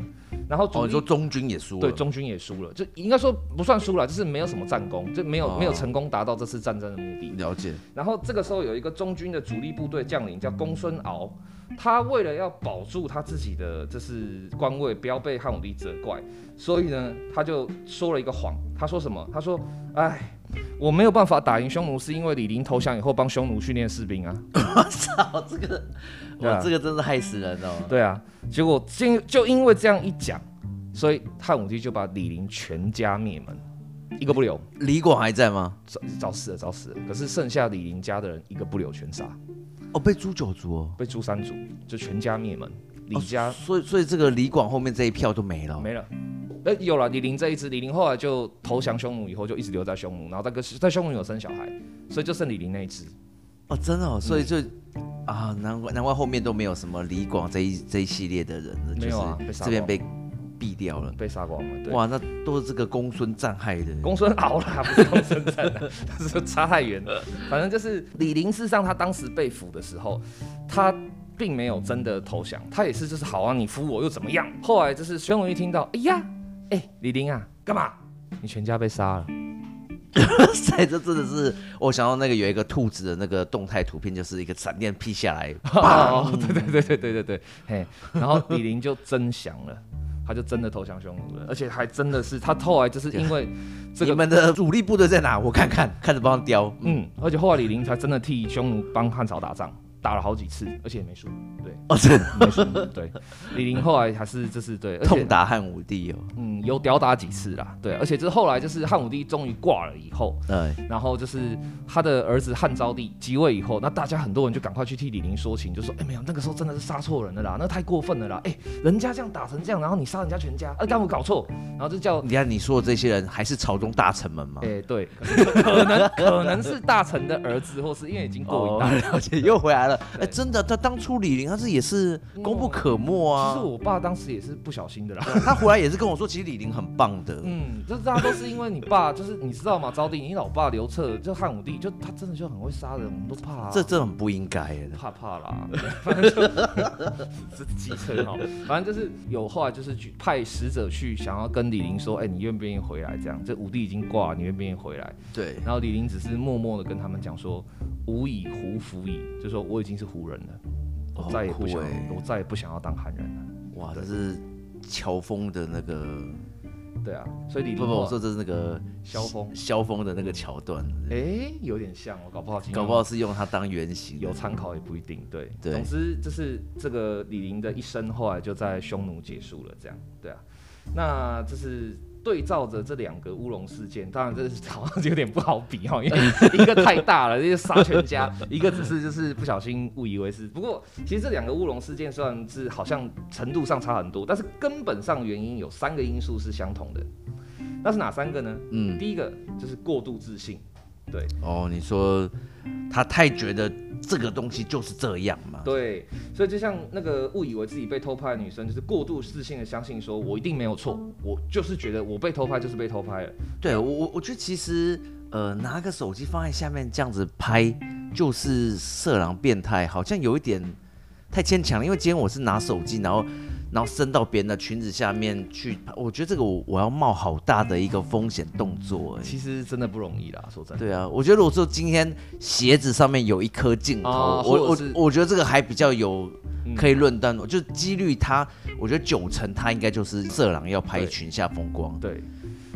然後主力、哦、說中軍也輸了，對，中軍也輸了，就應該說不算輸了，就是沒有什麼戰功，就沒有、哦、沒有成功達到這次戰爭的目的。了解。然後這個時候有一個中軍的主力部隊將領叫公孫敖，他為了要保住他自己的就是官位，不要被漢武帝責怪，所以呢，他就說了一個謊，他說什麼？他說，哎。我沒有辦法打贏匈奴，是因為李陵投降以後幫匈奴訓練士兵啊！我操，這個，哇，這個真是害死人哦！對啊，對啊，結果就，就因為這樣一講，所以漢武帝就把李陵全家滅門，嗯、一個不留。李廣還在嗎？早早死了，早死了。可是剩下李陵家的人一個不留全殺。哦，被誅九族哦，被誅三族，就全家滅門。李家，哦，所以所以這個李廣後面這一票都沒了。哦，沒了。哎、欸，有了李陵這一支，李陵後來就投降匈奴以後，就一直留在匈奴，然後在哥在匈奴有生小孩，所以就剩李陵那一支哦，真的，哦，所以就、嗯、啊，難怪難怪後面都沒有什麼李廣這一這一系列的人了，沒有啊，被這邊被斃掉了，被殺光了。對，哇，那都是這個公孫瓚害的，公孫敖了，不是公孫瓚， 但是差太遠了。反正就是李陵，事實上他當時被俘的時候，他。並沒有真的投降，他也是就是好啊，你俘我又怎麼樣？後來就是匈奴一聽到，哎呀，哎、欸，李陵啊，幹嘛？你全家被殺了！哇 這真的是我想到那個有一個兔子的那個動態圖片，就是一個閃電劈下來，對對哦哦哦對對對對對，嘿，然後李陵就真降了， 他就真的投降匈奴了，而且還真的是他後來就是因為、這個、你們的主力部隊在哪？我看看，看着幫他雕，嗯，而且後來李陵才真的替匈奴幫漢朝打仗。打了好幾次，而且也沒輸。對，哦、沒輸。對， 李陵後來還是就是對，痛打漢武帝哦。嗯，有屌打幾次啦。對，而且這後來就是漢武帝終於掛了以後，對、嗯，然後就是他的兒子漢昭帝即位以後，那大家很多人就趕快去替李陵說情，就說哎、欸、沒有，那個時候真的是殺錯人了啦，那太過分了啦。哎、欸，人家這樣打成這樣，然後你殺人家全家，哎、啊，但我搞錯，然後就叫你看你說的這些人還是朝中大臣們嗎？哎、欸，對，可能， 可能，可能是大臣的兒子，或是因為已經過癮、哦、了解，而對又回來了。哎對、欸，真的，他當初李陵，他是也是功不可沒啊。嗯，就是我爸當時也是不小心的啦。 他回來也是跟我說，其實李陵很棒的。嗯，就這大家都是因為你爸，就是你知道嗎？招弟，你老爸劉徹，就漢武帝，就他真的就很會殺人，我們、嗯、都怕、啊。這這很不應該哎怕怕啦。嗯、反正就是繼承哈，反正就是有後來就是去派使者去，想要跟李陵說，哎、欸，你願不願意，意回來？這樣，這武帝已經掛，你願不願意回來？對。然後李陵只是默默的跟他們講說：“吾已胡服矣。”就說、是、我已。已經是胡人了，哦、我再也不想，欸、我再也不想要當漢人了。哇，對這是喬峰的那個，對啊，所以李陵，不不，我說這是那個蕭峰，蕭峰的那個橋段。哎、欸，有點像，哦，我搞不好聽搞不好是用他當原型，有參考也不一定。對，對總之這是這個李陵的一生，後來就在匈奴結束了，這樣，對啊，那這是。對照着這兩個烏龍事件，當然這是好像是有點不好比哈、哦，因為一個太大了，些 殺全家；一個只是就是不小心誤以為是。不過其實這兩個烏龍事件算是好像程度上差很多，但是根本上原因有三個因素是相同的。那是哪三個呢？嗯，第一個就是過度自信。對哦，你說他太覺得這個東西就是這樣嘛？對，所以就像那個誤以為自己被偷拍的女生，就是過度自信的相信說，我一定沒有錯，我就是覺得我被偷拍就是被偷拍了。對我，我我覺得其實，呃，拿個手機放在下面這樣子拍，就是色狼變態，好像有一點太牽強了。因為今天我是拿手機，然後。然後伸到別人的裙子下面去，我覺得這個我我要冒好大的一個風險動作、欸。其實是真的不容易啦，說真的。對啊，我覺得如果說今天鞋子上面有一顆鏡頭，啊、我我我覺得這個還比較有可以論斷，嗯、就幾率他，我覺得九成他應該就是色狼要拍裙下風光。嗯、對，對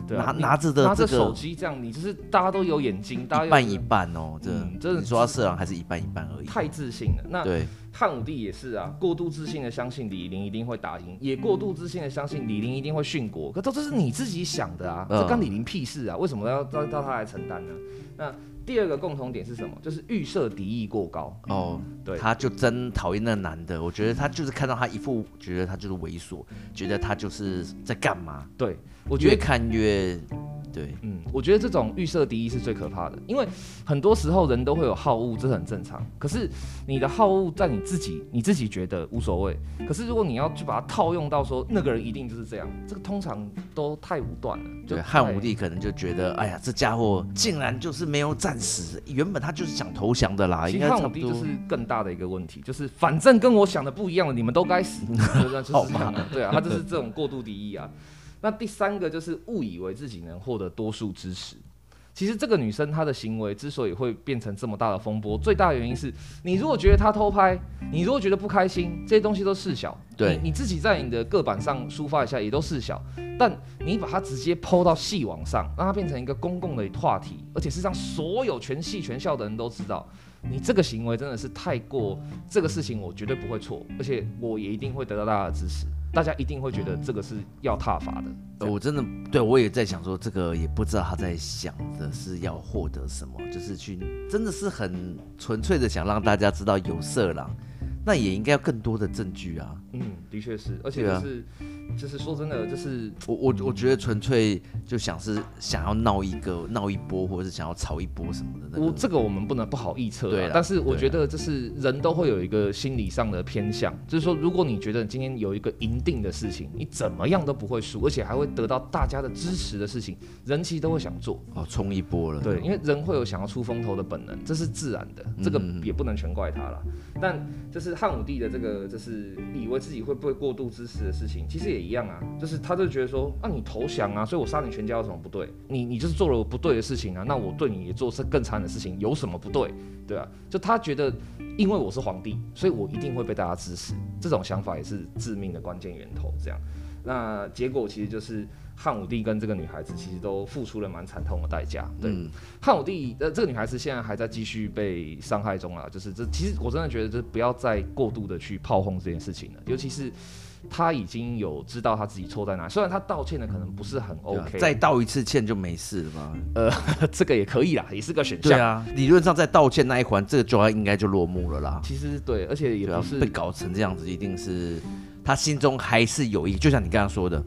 對啊、拿你拿着的這個拿着手機這樣，你就是大家都有眼睛，大家眼一半一半哦，嗯、真的你說他色狼還是一半一半而已，太自信了。那對。漢武帝也是啊，過度自信的相信李陵一定會打贏，也過度自信的相信李陵一定會殉國。可這這是你自己想的啊，嗯、這關李陵屁事啊？為什麼要到到他來承擔呢、啊？那第二個共同點是什麼？就是預設敵意過高哦。對，他就真討厭那男的，我覺得他就是看到他一副，覺得他就是猥瑣，覺得他就是在幹嘛？對我覺得越看越。對，嗯，我覺得這種預設敵意是最可怕的，因為很多時候人都會有好惡，這是很正常。可是你的好惡在你自己，你自己覺得無所謂。可是如果你要去把它套用到說那個人一定就是這樣，這個通常都太武斷了。對，哎、漢武帝可能就覺得，哎呀，這家伙竟然就是沒有戰死，原本他就是想投降的啦。應該其實漢武帝就是更大的一個問題，就是反正跟我想的不一樣了，你們都該死，對啊，他就是這種過度敵意啊。 那第三個就是誤以為自己能獲得多數支持。其實這個女生她的行為之所以會變成這麼大的風波，最大的原因是，你如果覺得她偷拍，你如果覺得不開心，這些東西都事小，對你，你自己在你的個板上抒發一下也都事小。但你把她直接拋到系網上，讓她變成一個公共的話題，而且是讓所有全系全校的人都知道，你這個行為真的是太過，這個事情我絕對不會錯，而且我也一定會得到大家的支持。大家一定會覺得這個是要撻伐的、呃。我真的對我也在想說，這個也不知道他在想的是要獲得什麼，就是去真的是很純粹的想讓大家知道有色狼，那也應該要更多的證據啊。嗯，的確是，而且就是，啊、就是說真的，就是我我我覺得純粹就想是想要鬧一個鬧一波，或者是想要炒一波什麼的，那個。我這個我們不能不好預測，對啦。但是我覺得這是人都會有一個心理上的偏向，啦就是說，如果你覺得你今天有一個贏定的事情，你怎麼樣都不會輸，而且還會得到大家的支持的事情，人其實都會想做。哦，衝一波了。對，因為人會有想要出風頭的本能，這是自然的，嗯、這個也不能全怪他了。但就是漢武帝的這個，就是以為。自己會不會過度支持的事情，其實也一樣啊，就是他就覺得說，那、啊、你投降啊，所以我殺你全家有什麼不對？你你就是做了不對的事情啊，那我對你也做是更殘忍的事情有什麼不對？對啊，就他覺得，因為我是皇帝，所以我一定會被大家支持，這種想法也是致命的關鍵源頭。這樣，那結果其實就是。漢武帝跟這個女孩子其實都付出了蠻慘痛的代價。對，嗯、漢武帝呃，這個女孩子現在還在繼續被傷害中啊。就是這，其實我真的覺得，就是不要再過度的去炮轟這件事情了。嗯、尤其是她已經有知道她自己錯在哪，雖然她道歉的可能不是很 OK，、對啊、再道一次歉就沒事了嗎？嗯、呃呵呵，這個也可以啦，也是個選項。對啊，理論上在道歉那一環，這個樁應該就落幕了啦。其實對，而且也不是、對啊、被搞成這樣子，一定是他心中還是有一，就像你剛剛說的。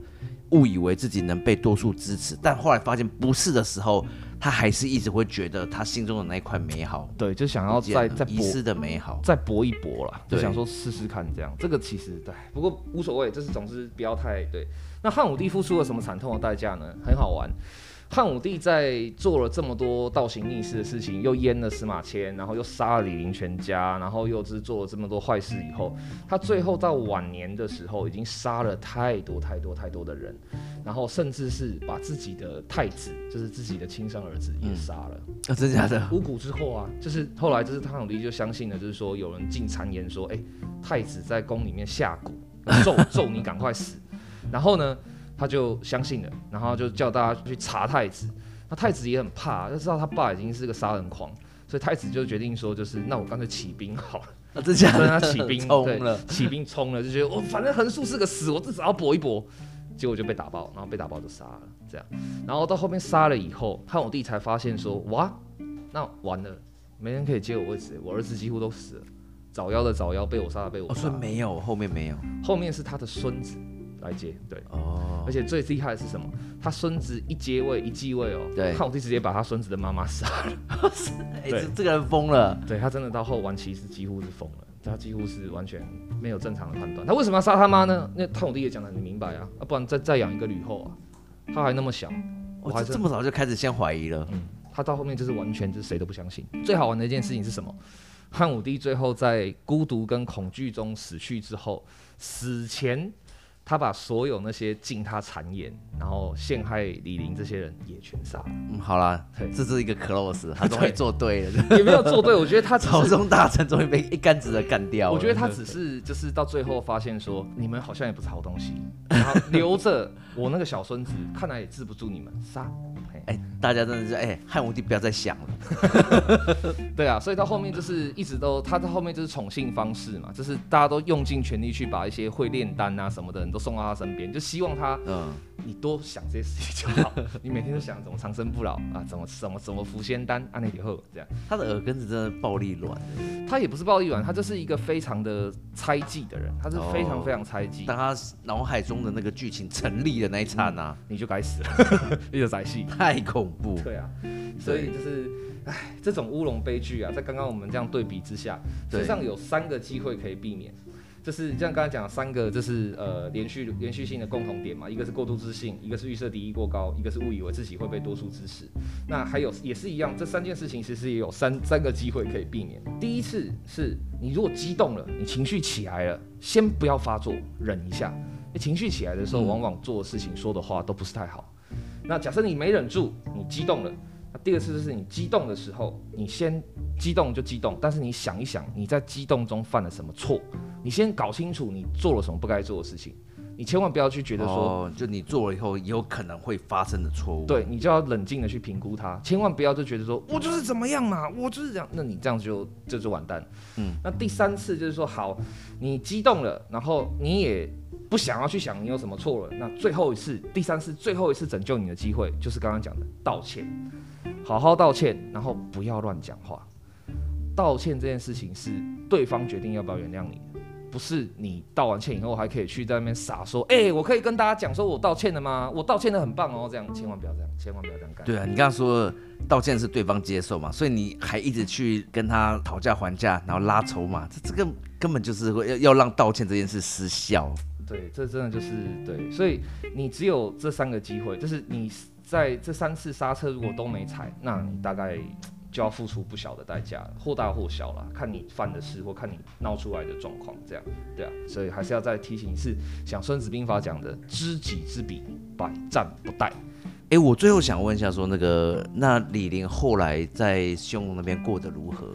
誤以為自己能被多數支持，但後來發現不是的時候，他還是一直會覺得他心中的那一塊美好。對，就想要再再一絲的美好再再，再搏一搏啦。對就想說試試看這樣。這個其實對，不過無所謂，就是總是不要太對。那漢武帝付出了什麼慘痛的代價呢？很好玩。漢武帝在做了這麼多倒行逆施的事情，又閹了司馬遷，然後又殺了李陵全家，然後又是做了這麼多壞事以後，他最後到晚年的時候，已經殺了太多太多太多的人，然後甚至是把自己的太子，就是自己的親生兒子也殺了、嗯。啊，真的假的？巫蠱之禍啊，就是後來就是漢武帝就相信了，就是說有人進讒言說，哎、欸，太子在宮裡面下蠱，咒咒你趕快死。 然後呢？他就相信了，然後就叫大家去查太子。那太子也很怕，就知道他爸已經是個殺人狂，所以太子就決定說，就是那我乾脆起兵好了。啊，這下跟他起兵衝了對，起兵衝了，就覺得我、哦、反正橫豎是個死，我至少要搏一搏。結果就被打爆，然後被打爆就殺了這樣。然後到後面殺了以後，漢武帝才發現說，哇，那完了，沒人可以接我位置，我兒子幾乎都死了。早夭的早夭，被我殺了，被我殺、哦、沒有，後面沒有，後面是他的孫子。來接對哦，而且最厲害的是什麼？他孫子一接位一繼位哦，對漢武帝直接把他孫子的媽媽殺了。哎， 這、欸、對這個人瘋了。對，他真的到後晚期是幾乎是瘋了，他幾乎是完全沒有正常的判斷。他為什麼要殺他媽呢？嗯、那漢武帝也講得很明白啊，啊，不然再再養一個呂後啊，他還那麼小，我還、哦、這，這麼早就開始先懷疑了。嗯，他到後面就是完全就是誰都不相信。最好玩的一件事情是什麼？漢武帝最後在孤獨跟恐懼中死去之後，死前。他把所有那些進他讒言，然後陷害李陵這些人也全殺了。嗯，好啦，對這是一個 close，他終於 做對了。也沒有做對，我覺得他朝中大臣終於被一竿子的幹掉。我覺得他只是， 他只是就是到最後發現說， 你們好像也不是好東西，然後留着我那個小孫子， 看來也治不住你們，殺！哎、欸，大家真的是哎，漢、欸、武帝不要再想了。 對啊，所以到後面就是一直都他在後面就是寵幸方式嘛，就是大家都用盡全力去把一些會煉丹啊什麼的。都送到他身邊，就希望他，嗯，你多想這些事情就好。 你每天都想怎麼長生不老啊，怎麼怎麼怎麼服仙丹？啊那以後這樣，他的耳根子真的暴力軟，他也不是暴力軟，他就是一個非常的猜忌的人，他是非常非常猜忌。哦、當他腦海中的那個劇情成立的那一剎那、啊嗯，你就該死了， 你就仔戲，太恐怖。對啊，所以就是，哎，這種烏龍悲劇啊，在剛剛我們這樣對比之下，實際對上有三個機會可以避免。這是像剛才講的三個，這是呃連續連續性的共同點嘛，一個是過度自信，一個是預設敵意過高，一個是誤以為自己會被多數支持。那還有也是一樣，這三件事情其實也有三三個機會可以避免。第一次是你如果激動了，你情緒起來了，先不要發作，忍一下。你情緒起來的時候，嗯、往往做事情說的話都不是太好。那假設你沒忍住，你激動了。第二次就是你激動的時候，你先激動就激動，但是你想一想你在激動中犯了什麼錯，你先搞清楚你做了什麼不該做的事情，你千萬不要去覺得說，哦，就你做了以後有可能會發生的錯誤，對你就要冷靜地去評估它，千萬不要就覺得說，我就是怎麼樣嘛，我就是這樣，那你這樣就就是完蛋。嗯，那第三次就是說好，你激動了，然後你也不想要去想你有什麼錯了，那最後一次，第三次最後一次拯救你的機會就是剛剛講的道歉。好好道歉，然後不要亂講話。道歉這件事情是對方決定要不要原諒你的，不是你道完歉以後還可以去在那邊傻說，哎、欸，我可以跟大家講說我道歉了嗎？我道歉得很棒哦，這樣千萬不要這樣，千萬不要這樣幹。對啊，你剛剛說道歉是對方接受嘛，所以你還一直去跟他討價還價，然後拉籌碼，這這個根本就是會要要讓道歉這件事失效。對，這真的就是對，所以你只有這三個機會，就是你。在這三次剎車，如果都沒踩，那你大概就要付出不小的代價，或大或小了，看你犯的事或看你鬧出來的狀況，這樣，對啊，所以還是要再提醒一次，像《孫子兵法》講的知己知彼，百戰不殆。誒、欸，我最後想問一下，說那個那李陵後來在匈奴那邊過得如何？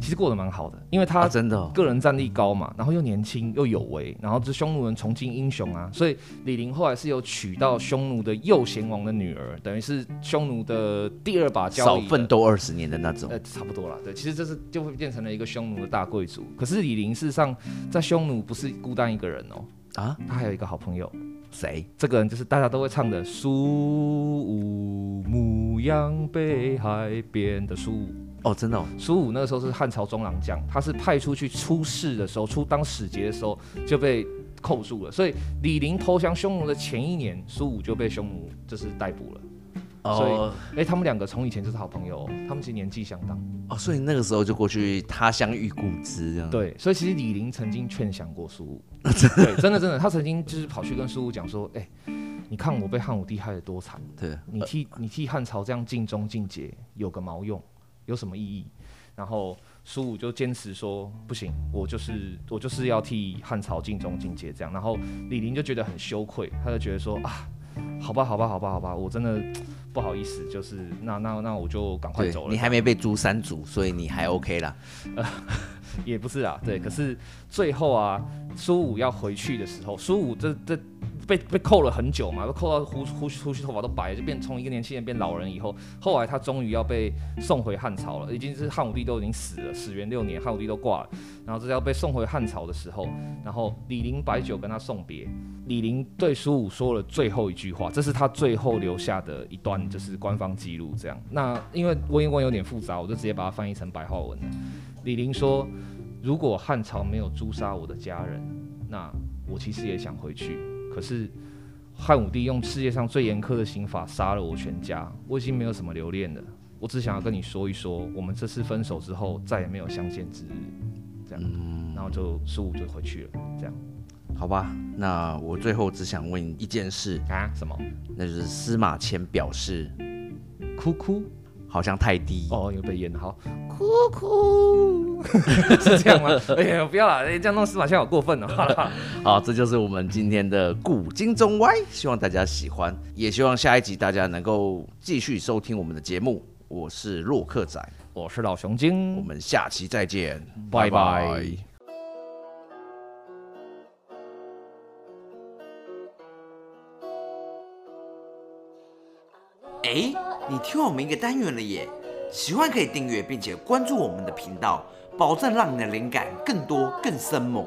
其實過得蠻好的，因為他真的個人戰力高嘛，啊哦、然後又年輕又有為，然後這匈奴人崇敬英雄啊，所以李陵後來是有娶到匈奴的右賢王的女兒，等於是匈奴的第二把交椅，少奮鬥二十年的那種，呃，差不多啦，對，其實這是就會變成了一個匈奴的大貴族。可是李陵事實上在匈奴不是孤單一個人哦，啊，他還有一個好朋友，誰？這個人就是大家都會唱的《蘇武牧羊》、《北海邊的蘇武》。Oh, 哦，真的。蘇武那個時候是漢朝中郎將，他是派出去出使的時候，出當使節的時候就被扣住了。所以李陵投降匈奴的前一年，蘇武就被匈奴就是逮捕了。哦，oh. 所以哎、欸，他們兩個從以前就是好朋友、哦，他們其實年紀相當。哦，oh, 所以那個時候就過去他鄉遇故知這樣。對，所以其實李陵曾經勸降過蘇武， 對，真的真的，他曾經就是跑去跟蘇武講說：“哎、欸，你看我被漢武帝害得多慘，對你替、呃、你替漢朝這樣盡忠盡節，有個毛用？”有什麼意義？然後蘇武就堅持說：“不行，我就是我就是要替漢朝盡忠盡節。”這樣，然後李陵就覺得很羞愧，他就覺得說：“啊，好吧，好吧，好吧，好吧，我真的不好意思，就是那那那我就趕快走了。”你還沒被誅三族，所以你還 OK 啦。呃，也不是啦，對，可是最後啊，蘇武要回去的時候，蘇武這這。被被扣了很久嘛，都扣到鬍鬚、鬍鬚，頭髮都白了，就變從一個年輕人變老人以後。後來他終於要被送回漢朝了，已經是漢武帝都已經死了，始元六年，漢武帝都掛了。然後這要被送回漢朝的時候，然後李陵擺酒跟他送別，李陵對蘇武說了最後一句話，這是他最後留下的一段，就是官方記錄這樣。那因為文言文有點複雜，我就直接把它翻譯成白話文了。李陵說：“如果漢朝沒有誅殺我的家人，那我其實也想回去。”可是漢武帝用世界上最嚴苛的刑法殺了我全家，我已經沒有什麼留戀了，我只想要跟你說一說，我們這次分手之後再也沒有相見之日，這樣，然後就蘇武、嗯、就回去了，這樣，好吧，那我最後只想問一件事啊，什麼？那就是司馬遷表示，哭哭。好像太低哦，又被淹了好，哭哭， 是這樣嗎？哎呀、 欸，不要了，哎、欸，這樣弄司馬遷好過分哦、喔。好， 好，這就是我們今天的古今中歪，希望大家喜歡，也希望下一集大家能夠繼續收聽我們的節目。我是洛克仔，我是老熊精，我們下期再見，bye bye 拜拜。你聽我們一個單元了耶，喜歡可以訂閱並且關注我們的頻道，保證讓你的靈感更多更生猛。